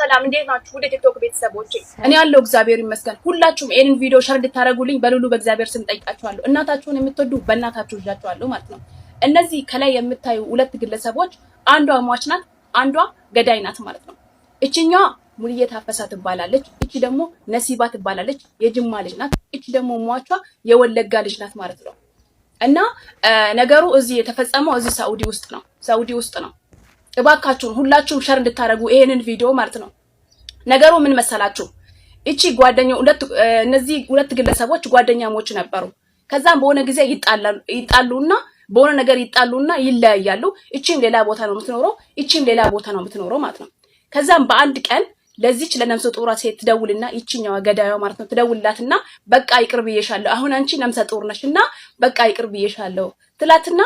ሰላም እንዴት ናችሁ? ወደ ቲክቶክ ቤተሰቦች እኔ ያለው እግዚአብሔር ይመስገን። ሁላችሁም ይህንን ቪዲዮ ሸር እንድታደርጉልኝ በሉሉ በእግዚአብሔር ስም ጠይቃችኋለሁ። እናታችሁን የምትወዱ በእናታችሁ እዣችኋለሁ ማለት ነው። እነዚህ ከላይ የምታዩ ሁለት ግለሰቦች አንዷ ሟች ናት፣ አንዷ ገዳይ ናት ማለት ነው። እችኛዋ ሙልዬ ታፈሳ ትባላለች። እቺ ደግሞ ነሲባ ትባላለች፣ የጅማ ልጅ ናት። እቺ ደግሞ ሟቿ የወለጋ ልጅ ናት ማለት ነው። እና ነገሩ እዚህ የተፈጸመው እዚህ ሳውዲ ውስጥ ነው። ሳውዲ ውስጥ ነው። እባካችሁን ሁላችሁም ሸር እንድታደርጉ ይሄንን ቪዲዮ ማለት ነው። ነገሩ ምን መሰላችሁ? እቺ ጓደኛ ሁለት እነዚህ ሁለት ግለሰቦች ጓደኛሞች ነበሩ። ከዛም በሆነ ጊዜ ይጣላሉ ይጣሉና በሆነ ነገር ይጣሉና ይለያያሉ። እቺም ሌላ ቦታ ነው የምትኖረው፣ እቺም ሌላ ቦታ ነው የምትኖረው ማለት ነው። ከዛም በአንድ ቀን ለዚች ለነፍሰ ጡሯ ሴት ትደውልና ይችኛዋ ገዳዩ ማለት ነው ትደውልላትና በቃ ይቅር ብዬሻለሁ፣ አሁን አንቺ ነፍሰ ጡር ነሽ እና በቃ ይቅር ብዬሻለሁ ትላትና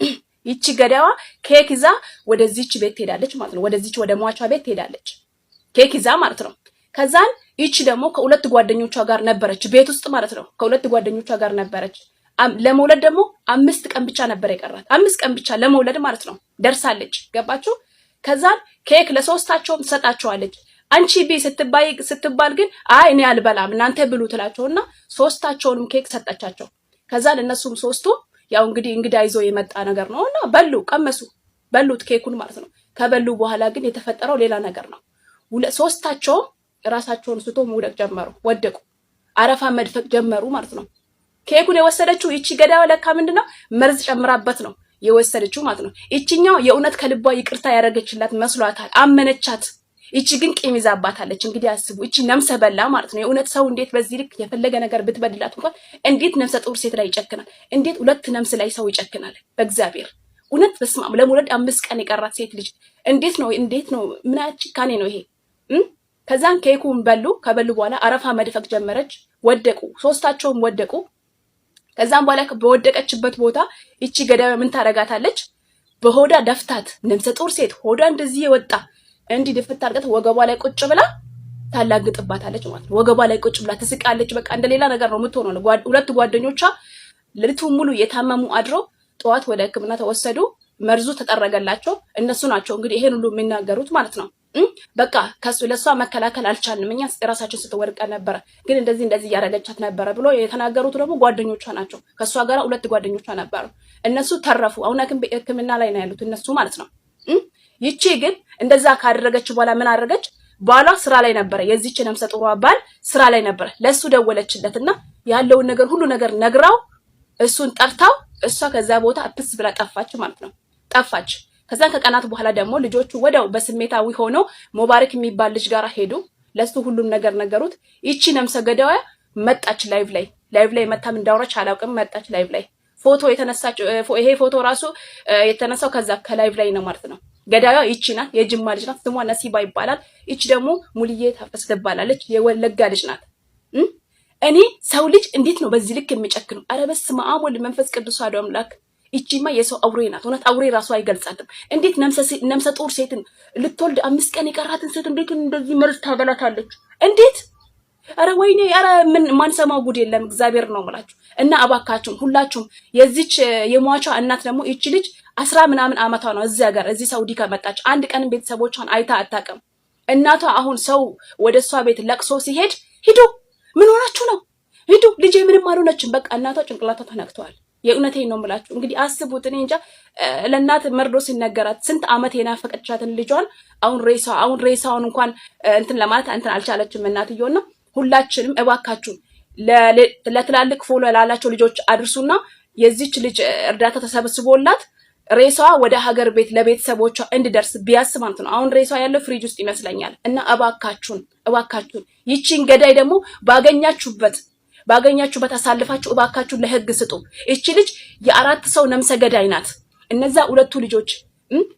ይቺ ገዳዋ ኬክ ይዛ ወደዚች ቤት ትሄዳለች ማለት ነው። ወደዚች ወደ ሟቿ ቤት ትሄዳለች ኬክ ይዛ ማለት ነው። ከዛን ይቺ ደግሞ ከሁለት ጓደኞቿ ጋር ነበረች ቤት ውስጥ ማለት ነው። ከሁለት ጓደኞቿ ጋር ነበረች። ለመውለድ ደግሞ አምስት ቀን ብቻ ነበር የቀራት፣ አምስት ቀን ብቻ ለመውለድ ማለት ነው። ደርሳለች። ገባችሁ? ከዛን ኬክ ለሶስታቸውም ትሰጣቸዋለች። አንቺ ቢ ስትባል ግን አይ እኔ አልበላም እናንተ ብሉ ትላቸውና ሶስታቸውንም ኬክ ሰጠቻቸው። ከዛን እነሱም ሶስቱ ያው እንግዲህ እንግዳ ይዞ የመጣ ነገር ነው እና በሉ ቀመሱ፣ በሉት ኬኩን ማለት ነው። ከበሉ በኋላ ግን የተፈጠረው ሌላ ነገር ነው። ሶስታቸውም ራሳቸውን ስቶ መውደቅ ጀመሩ፣ ወደቁ፣ አረፋ መድፈቅ ጀመሩ ማለት ነው። ኬኩን የወሰደችው ይቺ ገዳ ለካ ምንድነው መርዝ ጨምራበት ነው የወሰደችው ማለት ነው። ይችኛው የእውነት ከልቧ ይቅርታ ያደረገችላት መስሏታል፣ አመነቻት። ይቺ ግን ቂም ይዛባታለች። እንግዲህ አስቡ፣ ይቺ ነፍሰ በላ ማለት ነው። የእውነት ሰው እንዴት በዚህ ልክ የፈለገ ነገር ብትበድላት እንኳን እንዴት ነፍሰ ጡር ሴት ላይ ይጨክናል? እንዴት ሁለት ነፍስ ላይ ሰው ይጨክናል? በእግዚአብሔር እውነት በስማም ለመውለድ አምስት ቀን የቀራት ሴት ልጅ እንዴት ነው እንዴት ነው? ምን ጭካኔ ነው ይሄ? ከዛን ኬኩን በሉ። ከበሉ በኋላ አረፋ መድፈቅ ጀመረች። ወደቁ፣ ሶስታቸውም ወደቁ። ከዛም በኋላ በወደቀችበት ቦታ ይቺ ገዳይ ምን ታረጋታለች? በሆዳ ደፍታት ነፍሰ ጡር ሴት ሆዳ እንደዚህ የወጣ እንዲህ ድፍት አድርገት ወገቧ ላይ ቁጭ ብላ ታላግጥባታለች ማለት ነው። ወገቧ ላይ ቁጭ ብላ ትስቃለች። በቃ እንደሌላ ነገር ነው የምትሆነው። ሁለት ጓደኞቿ ሌሊቱ ሙሉ የታመሙ አድረው ጠዋት ወደ ሕክምና ተወሰዱ። መርዙ ተጠረገላቸው። እነሱ ናቸው እንግዲህ ይሄን ሁሉ የሚናገሩት ማለት ነው። በቃ ከሱ ለእሷ መከላከል አልቻልንም እኛ ራሳችን ስትወድቀ ነበረ፣ ግን እንደዚህ እንደዚህ እያደረገቻት ነበረ ብሎ የተናገሩት ደግሞ ጓደኞቿ ናቸው። ከእሷ ጋር ሁለት ጓደኞቿ ነበሩ። እነሱ ተረፉ። አሁን ሕክምና ላይ ነው ያሉት እነሱ ማለት ነው። ይቺ ግን እንደዛ ካደረገች በኋላ ምን አደረገች? ባሏ ስራ ላይ ነበረ። የዚች ነፍሰ ጡሯ ባል ስራ ላይ ነበረ። ለእሱ ደወለችለትና ያለውን ነገር ሁሉ ነገር ነግራው እሱን ጠርታው እሷ ከዛ ቦታ እፕስ ብላ ጠፋች ማለት ነው። ጠፋች። ከዛ ከቀናት በኋላ ደግሞ ልጆቹ ወዲያው በስሜታዊ ሆነው ሞባረክ የሚባል ልጅ ጋር ሄዱ። ለሱ ሁሉም ነገር ነገሩት። ይቺ ነፍሰ ገዳዋ መጣች። ላይቭ ላይ ላይቭ ላይ መታም እንዳወራች አላውቅም። መጣች ላይቭ ላይ ፎቶ የተነሳች። ይሄ ፎቶ ራሱ የተነሳው ከዛ ከላይቭ ላይ ነው ማለት ነው። ገዳዩ ይቺ ናት። የጅማ ልጅ ናት። ስሟ ነሲባ ይባላል። ይቺ ደግሞ ሙልዬ ታፈሰ ትባላለች። የወለጋ ልጅ ናት። እኔ ሰው ልጅ እንዴት ነው በዚህ ልክ የሚጨክነው? ኧረ በስመ አብ ወልድ መንፈስ ቅዱስ አሐዱ አምላክ። ይቺማ የሰው አውሬ ናት። እውነት አውሬ ራሱ አይገልጻትም። እንዴት ነፍሰ ጡር ሴትን ልትወልድ አምስት ቀን የቀራትን ሴት እንዴት እንደዚህ መርዝ ታበላታለች? እንዴት አረ ወይኔ አረ ምን ማንሰማው ጉድ የለም። እግዚአብሔር ነው የምላችሁ። እና አባካችሁም ሁላችሁም የዚች የሟቿ እናት ደግሞ ይቺ ልጅ አስራ ምናምን አመቷ ነው እዚህ ሀገር እዚህ ሳውዲ ከመጣች አንድ ቀን ቤተሰቦቿን አይታ አታውቅም። እናቷ አሁን ሰው ወደ እሷ ቤት ለቅሶ ሲሄድ ሂዱ፣ ምን ሆናችሁ ነው? ሂዱ፣ ልጄ ምንም አልሆነችም። በቃ እናቷ ጭንቅላቷ ተነክተዋል። የእውነት ነው የምላችሁ። እንግዲህ አስቡት። እኔ እንጃ ለእናት መርዶ ሲነገራት ስንት አመት የናፈቀቻትን ልጇን አሁን ሬሳ አሁን ሬሳውን እንኳን እንትን ለማለት እንትን አልቻለችም እናትየው እና ሁላችንም እባካችሁ ለትላልቅ ፎሎ ላላቸው ልጆች አድርሱና የዚች ልጅ እርዳታ ተሰብስቦላት ሬሷ ወደ ሀገር ቤት ለቤተሰቦቿ እንድደርስ ቢያስ ማለት ነው። አሁን ሬሷ ያለው ፍሪጅ ውስጥ ይመስለኛል። እና እባካችሁን እባካችሁን ይቺን ገዳይ ደግሞ ባገኛችሁበት ባገኛችሁበት አሳልፋችሁ እባካችሁን ለህግ ስጡ። ይቺ ልጅ የአራት ሰው ነምሰ ገዳይ ናት። እነዛ ሁለቱ ልጆች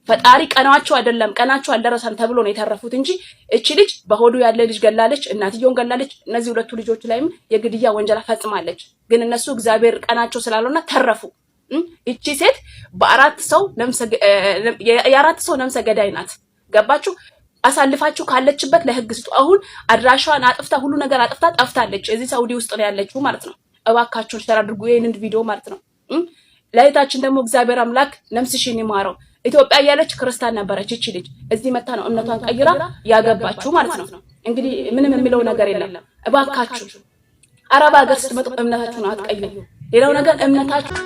ፈጣሪ ቀናቸው አይደለም ቀናቸው አልደረሰም ተብሎ ነው የተረፉት እንጂ እቺ ልጅ በሆዱ ያለ ልጅ ገላለች፣ እናትየውን ገላለች። እነዚህ ሁለቱ ልጆች ላይም የግድያ ወንጀላ ፈጽማለች። ግን እነሱ እግዚአብሔር ቀናቸው ስላለውና ተረፉ። እቺ ሴት በአራት ሰው የአራት ሰው ነምሰ ገዳይ ናት። ገባችሁ? አሳልፋችሁ ካለችበት ለህግ ስጡ። አሁን አድራሻዋን አጥፍታ ሁሉ ነገር አጥፍታ ጠፍታለች። እዚህ ሳውዲ ውስጥ ነው ያለችው ማለት ነው። እባካችሁን ሸር አድርጉ ይህንን ቪዲዮ ማለት ነው። ለእህታችን ደግሞ እግዚአብሔር አምላክ ነፍስሽን ይማረው። ኢትዮጵያ እያለች ክርስቲያን ነበረች ይቺ ልጅ። እዚህ መታ ነው እምነቷን ቀይራ ያገባችሁ ማለት ነው። እንግዲህ ምንም የሚለው ነገር የለም። እባካችሁ አረብ ሀገር ስትመጡ እምነታችሁን አትቀይሩ። ሌላው ነገር እምነታችሁ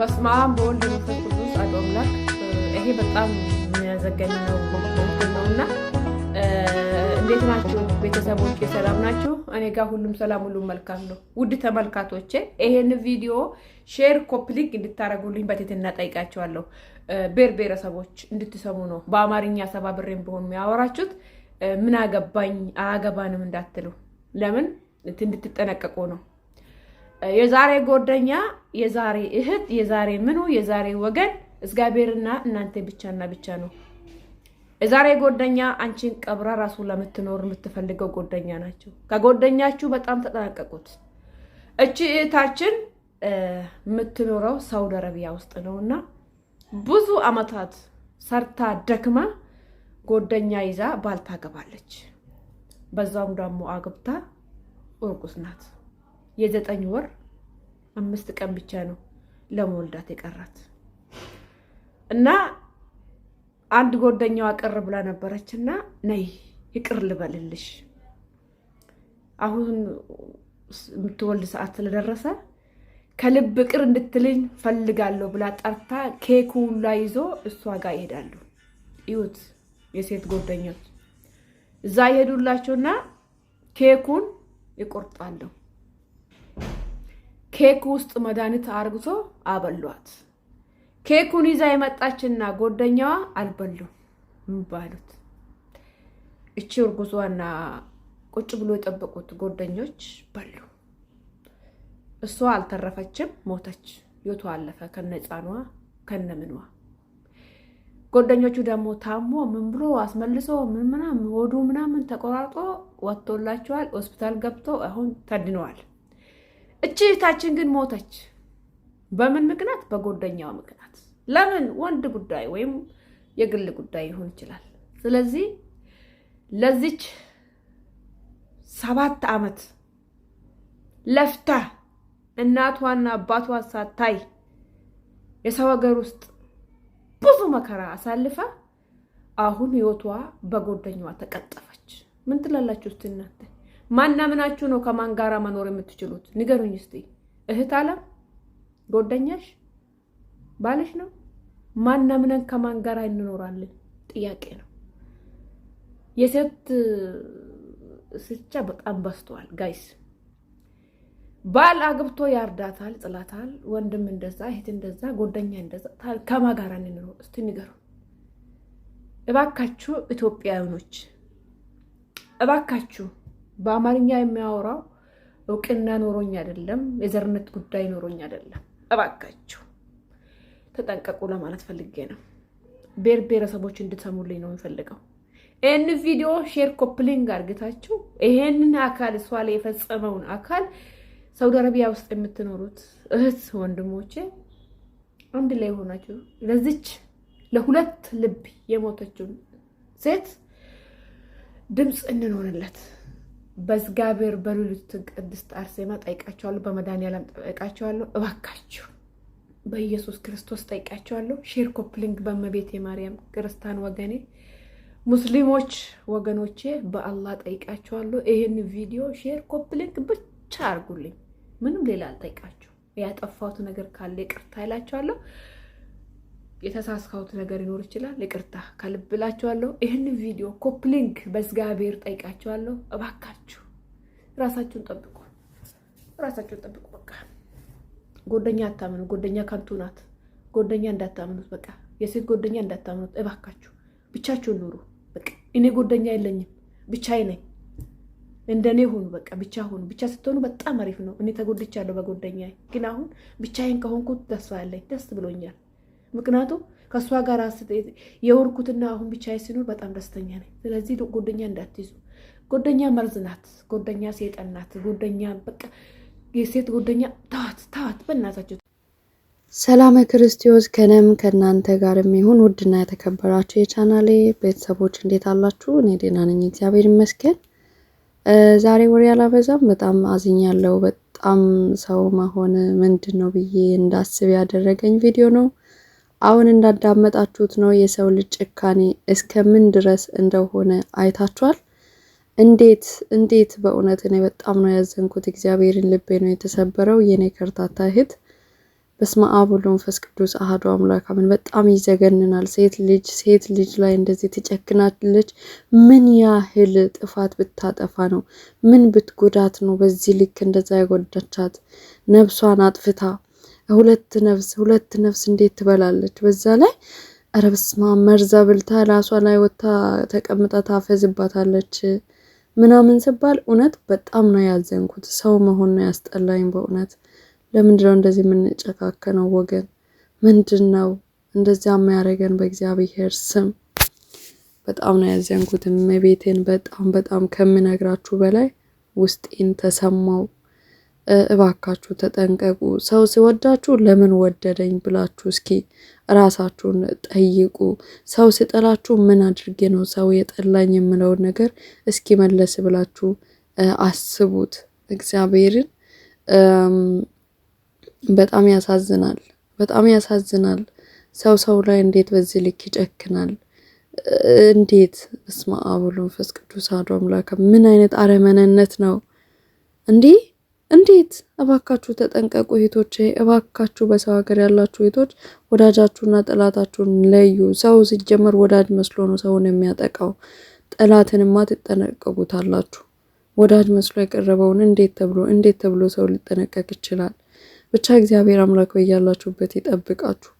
በስመ አብ በወልድ በመንፈስ ቅዱስ አሐዱ አምላክ። ይሄ በጣም የሚያዘገን ነው ነው እና እንዴት ናችሁ ቤተሰቦች? የሰላም ናችሁ? እኔ ጋር ሁሉም ሰላም፣ ሁሉም መልካም ነው። ውድ ተመልካቶቼ ይሄን ቪዲዮ ሼር፣ ኮፕሊክ እንድታደርጉልኝ በትህትና ጠይቃቸዋለሁ። ብሔር ብሔረሰቦች እንድትሰሙ ነው። በአማርኛ ሰባ ብሬን ቢሆን የሚያወራችሁት ምን አገባኝ አያገባንም እንዳትሉ፣ ለምን እንድትጠነቀቁ ነው። የዛሬ ጎደኛ፣ የዛሬ እህት፣ የዛሬ ምኑ፣ የዛሬ ወገን እግዚአብሔርና እናንተ ብቻና ብቻ ነው። የዛሬ ጎደኛ አንቺን ቀብራ ራሱ ለምትኖር የምትፈልገው ጎደኛ ናቸው። ከጎደኛችሁ በጣም ተጠናቀቁት። እቺ እህታችን የምትኖረው ሳውዲ አረቢያ ውስጥ ነው እና ብዙ አመታት ሰርታ ደክማ ጎደኛ ይዛ ባል ታገባለች። በዛም ደግሞ አግብታ እርጉዝ ናት። የዘጠኝ ወር አምስት ቀን ብቻ ነው ለመወልዳት የቀራት እና አንድ ጎደኛዋ ቅር ብላ ነበረች እና ነይ ይቅር ልበልልሽ አሁን የምትወልድ ሰዓት ስለደረሰ ከልብ ቅር እንድትልኝ ፈልጋለሁ ብላ ጠርታ ኬኩ ሁላ ይዞ እሷ ጋር ይሄዳሉ። ይሁት የሴት ጓደኞች እዛ ይሄዱላቸውና ኬኩን ይቆርጣለሁ ኬክ ውስጥ መድኃኒት አርግቶ አበሏት። ኬኩን ይዛ የመጣችና ጎደኛዋ አልበሉም የሚባሉት እቺ እርጉዟና ቁጭ ብሎ የጠበቁት ጎደኞች በሉ። እሷ አልተረፈችም፣ ሞተች። ህይወቷ አለፈ ከነ ህፃኗ ከነ ምኗ። ደግሞ ታሞ ምን ብሎ አስመልሶ ምን ምናምን ሆዱ ምናምን ተቆራርጦ ወጥቶላቸዋል። ሆስፒታል ገብቶ አሁን ተድነዋል። እቺ እህታችን ግን ሞተች። በምን ምክንያት? በጎደኛዋ ምክንያት። ለምን? ወንድ ጉዳይ ወይም የግል ጉዳይ ይሆን ይችላል። ስለዚህ ለዚች ሰባት ዓመት ለፍታ እናቷና አባቷ ሳታይ የሰው ሀገር ውስጥ ብዙ መከራ አሳልፋ አሁን ህይወቷ በጎደኛዋ ተቀጠፈች። ምን ትላላችሁ? ማናምናችሁ ነው ከማን ጋር መኖር የምትችሉት? ንገሩኝ እስቲ። እህት አለም፣ ጎደኛሽ ባልሽ ነው? ማናምነን ከማን ጋር እንኖራለን? ጥያቄ ነው። የሴት ስቻ በጣም በዝተዋል ጋይስ። ባል አግብቶ ያርዳታል፣ ጥላታል። ወንድም እንደዛ፣ እህት እንደዛ፣ ጎደኛ እንደዛ። ከማ ጋር እንኖር እስቲ ንገሩ እባካችሁ ኢትዮጵያውኖች እባካችሁ በአማርኛ የሚያወራው እውቅና ኖሮኝ አይደለም፣ የዘርነት ጉዳይ ኖሮኝ አይደለም። እባካችሁ ተጠንቀቁ ለማለት ፈልጌ ነው። ብሔር ብሔረሰቦች እንድሰሙልኝ ነው የሚፈልገው። ይህን ቪዲዮ ሼር ኮፕሊንግ አርግታችው ይሄንን አካል እሷ ላይ የፈጸመውን አካል ሳውዲ አረቢያ ውስጥ የምትኖሩት እህት ወንድሞቼ አንድ ላይ የሆናችሁ ለዚች ለሁለት ልብ የሞተችውን ሴት ድምፅ እንኖርለት። በእግዚአብሔር በሉሉት ቅድስት አርሴማ ጠይቃቸዋለሁ። በመድኃኒዓለም ጠይቃቸዋለሁ። እባካችሁ በኢየሱስ ክርስቶስ ጠይቃቸዋለሁ። ሼር ኮፕሊንግ በመቤት የማርያም ክርስቲያን ወገኔ፣ ሙስሊሞች ወገኖቼ በአላህ ጠይቃቸዋለሁ። ይህን ቪዲዮ ሼር ኮፕሊንግ ብቻ አድርጉልኝ። ምንም ሌላ አልጠይቃችሁ። ያጠፋሁት ነገር ካለ ይቅርታ ይላቸዋለሁ። የተሳስካውት ነገር ይኖር ይችላል። ይቅርታ ከልብ ይህን ቪዲዮ ኮፕሊንግ በእግዚአብሔር ጠይቃችኋለሁ። እባካችሁ ራሳችሁን ጠብቁ፣ ራሳችሁን ጠብቁ። በቃ ጎደኛ አታምኑ። ጎደኛ ከንቱ ናት። ጎደኛ እንዳታምኑት። በቃ የሴት ጎደኛ እንዳታምኑት። እባካችሁ ብቻችሁን ኑሩ። በቃ እኔ ጎደኛ የለኝም፣ ብቻዬ ነኝ። እንደኔ ሆኑ። በቃ ብቻ ሆኑ። ብቻ ስትሆኑ በጣም አሪፍ ነው። እኔ ተጎድቻለሁ በጎደኛ፣ ግን አሁን ብቻዬን ከሆንኩት ተስፋ ያለኝ ደስ ብሎኛል። ምክንያቱም ከእሷ ጋር የወርኩትና አሁን ብቻ ሲኖር በጣም ደስተኛ ነኝ። ስለዚህ ጎደኛ እንዳትይዙ። ጎደኛ መርዝ ናት። ጎደኛ ሴጠን ናት። ጎደኛ በቃ የሴት ጎደኛ ተዋት፣ ተዋት በእናታቸው። ሰላም ክርስቶስ ከነም ከእናንተ ጋር የሚሆን ውድና የተከበራችሁ የቻናሌ ቤተሰቦች እንዴት አላችሁ? እኔ ደህና ነኝ፣ እግዚአብሔር ይመስገን። ዛሬ ወሬ አላበዛም። በጣም አዝኛለሁ። በጣም ሰው መሆን ምንድን ነው ብዬ እንዳስብ ያደረገኝ ቪዲዮ ነው። አሁን እንዳዳመጣችሁት ነው የሰው ልጅ ጭካኔ እስከምን ድረስ እንደሆነ አይታችኋል። እንዴት እንዴት! በእውነት እኔ በጣም ነው ያዘንኩት። እግዚአብሔርን ልቤ ነው የተሰበረው። የኔ ከርታታ እህት በስመ አብ ወወልድ ወመንፈስ ቅዱስ አሐዱ አምላክ አሜን። በጣም ይዘገንናል። ሴት ልጅ ሴት ልጅ ላይ እንደዚህ ትጨክናለች። ምን ያህል ጥፋት ብታጠፋ ነው? ምን ብትጎዳት ነው በዚህ ልክ እንደዛ ያጎዳቻት ነብሷን አጥፍታ ሁለት ነፍስ ሁለት ነፍስ እንዴት ትበላለች? በዛ ላይ ኧረ በስመ አብ መርዛ ብልታ ራሷ ላይ ወታ ተቀምጣ ታፈዝባታለች ምናምን ስባል እውነት በጣም ነው ያዘንኩት። ሰው መሆን ነው ያስጠላኝ በእውነት። ለምንድነው ነው እንደዚህ የምንጨካከነው ወገን? ምንድን ነው እንደዚያ የሚያደርገን? በእግዚአብሔር ስም በጣም ነው ያዘንኩት። ቤቴን በጣም በጣም ከምነግራችሁ በላይ ውስጤን ተሰማው። እባካችሁ ተጠንቀቁ። ሰው ሲወዳችሁ ለምን ወደደኝ ብላችሁ እስኪ ራሳችሁን ጠይቁ። ሰው ሲጠላችሁ ምን አድርጌ ነው ሰው የጠላኝ የምለውን ነገር እስኪ መለስ ብላችሁ አስቡት። እግዚአብሔርን በጣም ያሳዝናል፣ በጣም ያሳዝናል። ሰው ሰው ላይ እንዴት በዚህ ልክ ይጨክናል? እንዴት በስመ አብ ወመንፈስ ቅዱስ አሐዱ አምላክ። ምን አይነት አረመኔነት ነው እንዲህ እንዴት እባካችሁ ተጠንቀቁ እህቶቼ፣ እባካችሁ በሰው ሀገር ያላችሁ እህቶች ወዳጃችሁና ጠላታችሁን ለዩ። ሰው ሲጀመር ወዳጅ መስሎ ነው ሰውን የሚያጠቃው። ጠላትንማ ትጠነቀቁታላችሁ። ወዳጅ መስሎ የቀረበውን እንዴት ተብሎ እንዴት ተብሎ ሰው ሊጠነቀቅ ይችላል? ብቻ እግዚአብሔር አምላክ በያላችሁበት ይጠብቃችሁ።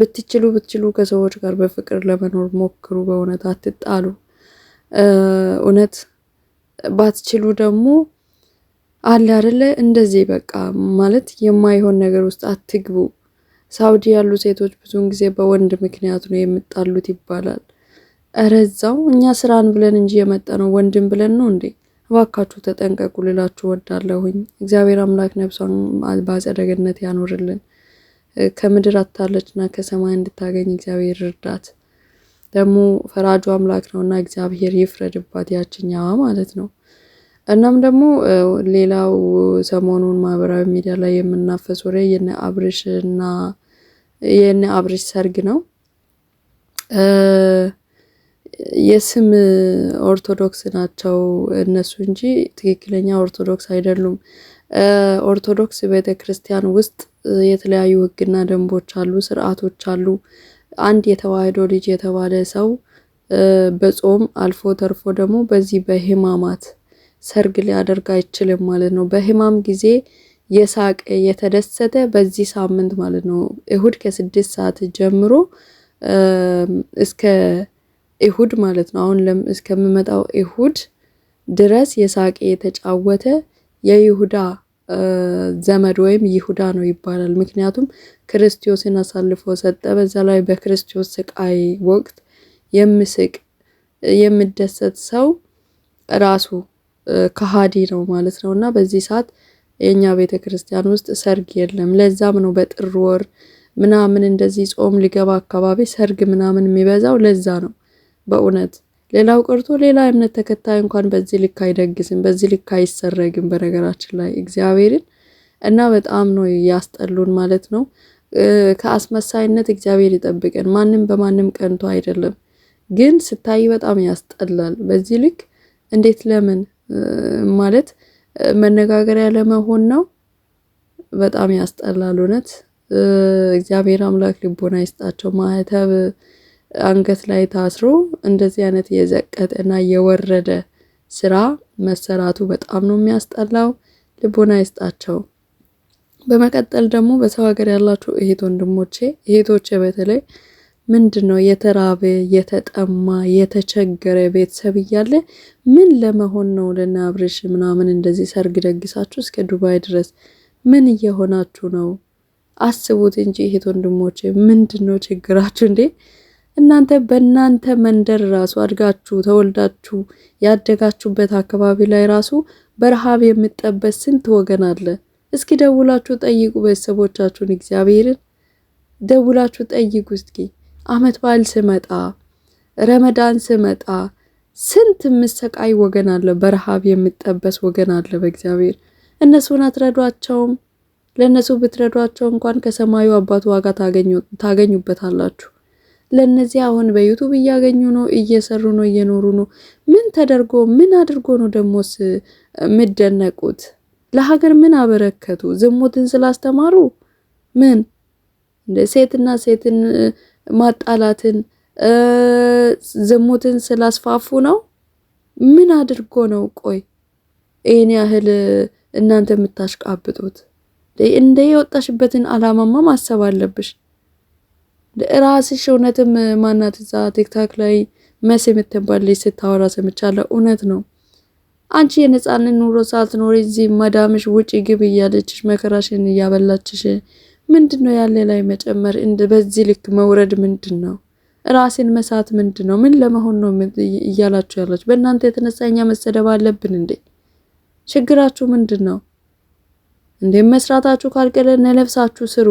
ብትችሉ ብትችሉ ከሰዎች ጋር በፍቅር ለመኖር ሞክሩ። በእውነት አትጣሉ። እውነት ባትችሉ ደግሞ አለ አይደለ እንደዚህ በቃ ማለት የማይሆን ነገር ውስጥ አትግቡ። ሳውዲ ያሉ ሴቶች ብዙውን ጊዜ በወንድ ምክንያት ነው የምጣሉት ይባላል። እረዛው እኛ ስራን ብለን እንጂ የመጣ ነው ወንድም ብለን ነው እንዴ? እባካችሁ ተጠንቀቁ ልላችሁ ወዳለሁኝ። እግዚአብሔር አምላክ ነብሷን በአጸደ ገነት ያኖርልን። ከምድር አታለችና ከሰማይ እንድታገኝ እግዚአብሔር እርዳት። ደግሞ ፈራጁ አምላክ ነውና እግዚአብሔር ይፍረድባት ያችኛዋ ማለት ነው። እናም ደግሞ ሌላው ሰሞኑን ማህበራዊ ሚዲያ ላይ የምናፈስ ወሬ የነ አብርሽ እና የነ አብርሽ ሰርግ ነው። የስም ኦርቶዶክስ ናቸው እነሱ እንጂ ትክክለኛ ኦርቶዶክስ አይደሉም። ኦርቶዶክስ ቤተ ክርስቲያን ውስጥ የተለያዩ ሕግና ደንቦች አሉ፣ ስርዓቶች አሉ። አንድ የተዋህዶ ልጅ የተባለ ሰው በጾም አልፎ ተርፎ ደግሞ በዚህ በህማማት ሰርግ ሊያደርግ አይችልም ማለት ነው። በህማም ጊዜ የሳቀ የተደሰተ በዚህ ሳምንት ማለት ነው እሁድ ከስድስት ሰዓት ጀምሮ እስከ እሁድ ማለት ነው አሁን እስከምመጣው እሁድ ድረስ የሳቄ የተጫወተ የይሁዳ ዘመድ ወይም ይሁዳ ነው ይባላል። ምክንያቱም ክርስቶስን አሳልፎ ሰጠ። በዛ ላይ በክርስቶስ ስቃይ ወቅት የምስቅ የሚደሰት ሰው ራሱ ከሃዲ ነው ማለት ነው። እና በዚህ ሰዓት የእኛ ቤተ ክርስቲያን ውስጥ ሰርግ የለም። ለዛም ነው በጥር ወር ምናምን እንደዚህ ጾም ሊገባ አካባቢ ሰርግ ምናምን የሚበዛው ለዛ ነው በእውነት ሌላው ቀርቶ ሌላ እምነት ተከታይ እንኳን በዚህ ልክ አይደግስም፣ በዚህ ልክ አይሰረግም። በነገራችን ላይ እግዚአብሔርን እና በጣም ነው ያስጠሉን ማለት ነው። ከአስመሳይነት እግዚአብሔር ይጠብቀን። ማንም በማንም ቀንቶ አይደለም፣ ግን ስታይ በጣም ያስጠላል። በዚህ ልክ እንዴት ለምን ማለት መነጋገሪያ ለመሆን ነው። በጣም ያስጠላል እውነት። እግዚአብሔር አምላክ ልቦና ይስጣቸው። ማህተብ አንገት ላይ ታስሮ እንደዚህ አይነት የዘቀጠ እና የወረደ ስራ መሰራቱ በጣም ነው የሚያስጠላው። ልቦና ይስጣቸው። በመቀጠል ደግሞ በሰው ሀገር ያላችሁ እህት ወንድሞቼ እህቶቼ በተለይ ምንድን ነው የተራበ የተጠማ የተቸገረ ቤተሰብ እያለ ምን ለመሆን ነው ለእነ አብርሽ ምናምን እንደዚህ ሰርግ ደግሳችሁ እስከ ዱባይ ድረስ ምን እየሆናችሁ ነው? አስቡት እንጂ እህት ወንድሞቼ፣ ምንድን ነው ችግራችሁ እንዴ? እናንተ በእናንተ መንደር ራሱ አድጋችሁ ተወልዳችሁ ያደጋችሁበት አካባቢ ላይ ራሱ በረሃብ የምጠበት ስንት ወገን አለ። እስኪ ደውላችሁ ጠይቁ ቤተሰቦቻችሁን፣ እግዚአብሔርን ደውላችሁ ጠይቁ እስኪ። አመት በዓል ስመጣ ረመዳን ስመጣ ስንት የምሰቃይ ወገን አለ፣ በረሃብ የምጠበስ ወገን አለ። በእግዚአብሔር እነሱን አትረዷቸውም። ለእነሱ ብትረዷቸው እንኳን ከሰማዩ አባት ዋጋ ታገኙበታላችሁ። ለእነዚህ አሁን በዩቱብ እያገኙ ነው፣ እየሰሩ ነው፣ እየኖሩ ነው። ምን ተደርጎ ምን አድርጎ ነው ደግሞስ የምደነቁት? ለሀገር ምን አበረከቱ? ዝሙትን ስላስተማሩ ምን እንደ ሴትና ሴትን ማጣላትን፣ ዝሙትን ስላስፋፉ ነው? ምን አድርጎ ነው? ቆይ ይህን ያህል እናንተ የምታሽቃብጡት እንደ የወጣሽበትን አላማማ ማሰብ አለብሽ። ራስሽ እውነትም ማናት እዛ ቲክታክ ላይ መስ የምትባል ልጅ ስታወራ ሰምቻለሁ። እውነት ነው። አንቺ የነፃነት ኑሮ ሳትኖሪ እዚህ መዳምሽ ውጪ ግብ እያለችሽ መከራሽን እያበላችሽ ምንድን ነው ያለ ላይ መጨመር፣ በዚህ ልክ መውረድ ምንድን ነው? ራሴን መሳት ምንድን ነው? ምን ለመሆን ነው እያላችሁ ያላችሁ? በእናንተ የተነሳ እኛ መሰደብ አለብን እንዴ? ችግራችሁ ምንድን ነው እንዴ? መስራታችሁ ካልቀለ ነለብሳችሁ ስሩ።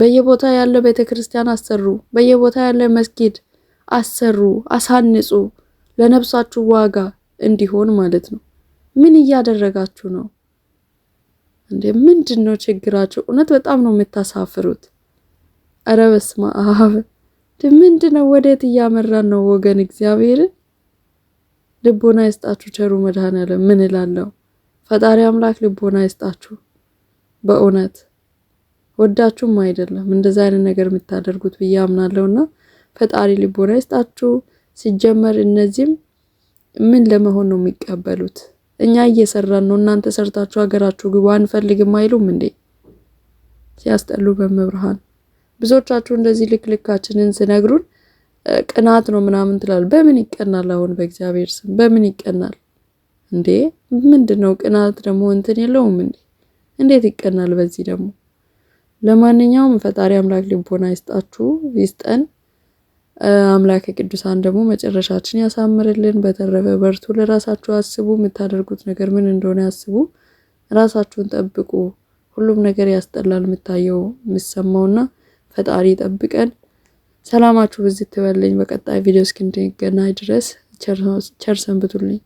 በየቦታ ያለ ቤተክርስቲያን አሰሩ፣ በየቦታ ያለ መስጊድ አሰሩ፣ አሳንጹ። ለነብሳችሁ ዋጋ እንዲሆን ማለት ነው። ምን እያደረጋችሁ ነው? እንዴ ምንድን ነው ችግራቸው? እውነት በጣም ነው የምታሳፍሩት። ኧረ በስመ አብ ምንድን ነው? ወዴት እያመራን ነው ወገን? እግዚአብሔርን ልቦና ይስጣችሁ ቸሩ መድኃኔዓለም። ምን እላለሁ? ፈጣሪ አምላክ ልቦና ይስጣችሁ በእውነት ወዳችሁም አይደለም እንደዛ አይነት ነገር የምታደርጉት ብዬ እና ፈጣሪ ልቦና ይስጣችሁ። ሲጀመር እነዚህም ምን ለመሆን ነው የሚቀበሉት? እኛ እየሰራን ነው፣ እናንተ ሰርታችሁ ሀገራችሁ ግቡ አንፈልግም አይሉም እንዴ? ሲያስጠሉ በመብርሃን ብዙዎቻችሁ እንደዚህ ልክ ልካችንን ስነግሩን ቅናት ነው ምናምን ትላል። በምን ይቀናል? አሁን በእግዚአብሔር ስም በምን ይቀናል እንዴ? ምንድን ነው ቅናት ደግሞ እንትን የለውም እንዴ? እንዴት ይቀናል በዚህ ደግሞ? ለማንኛውም ፈጣሪ አምላክ ልቦና ይስጣችሁ ይስጠን። አምላከ ቅዱሳን ደግሞ መጨረሻችን ያሳምርልን። በተረፈ በርቱ፣ ለራሳችሁ አስቡ፣ የምታደርጉት ነገር ምን እንደሆነ አስቡ፣ ራሳችሁን ጠብቁ። ሁሉም ነገር ያስጠላል፣ የምታየው የምሰማውና፣ ፈጣሪ ጠብቀን። ሰላማችሁ በዚህ ትበልኝ። በቀጣይ ቪዲዮ እስክንገናኝ ድረስ ቸር ሰንብቱልኝ።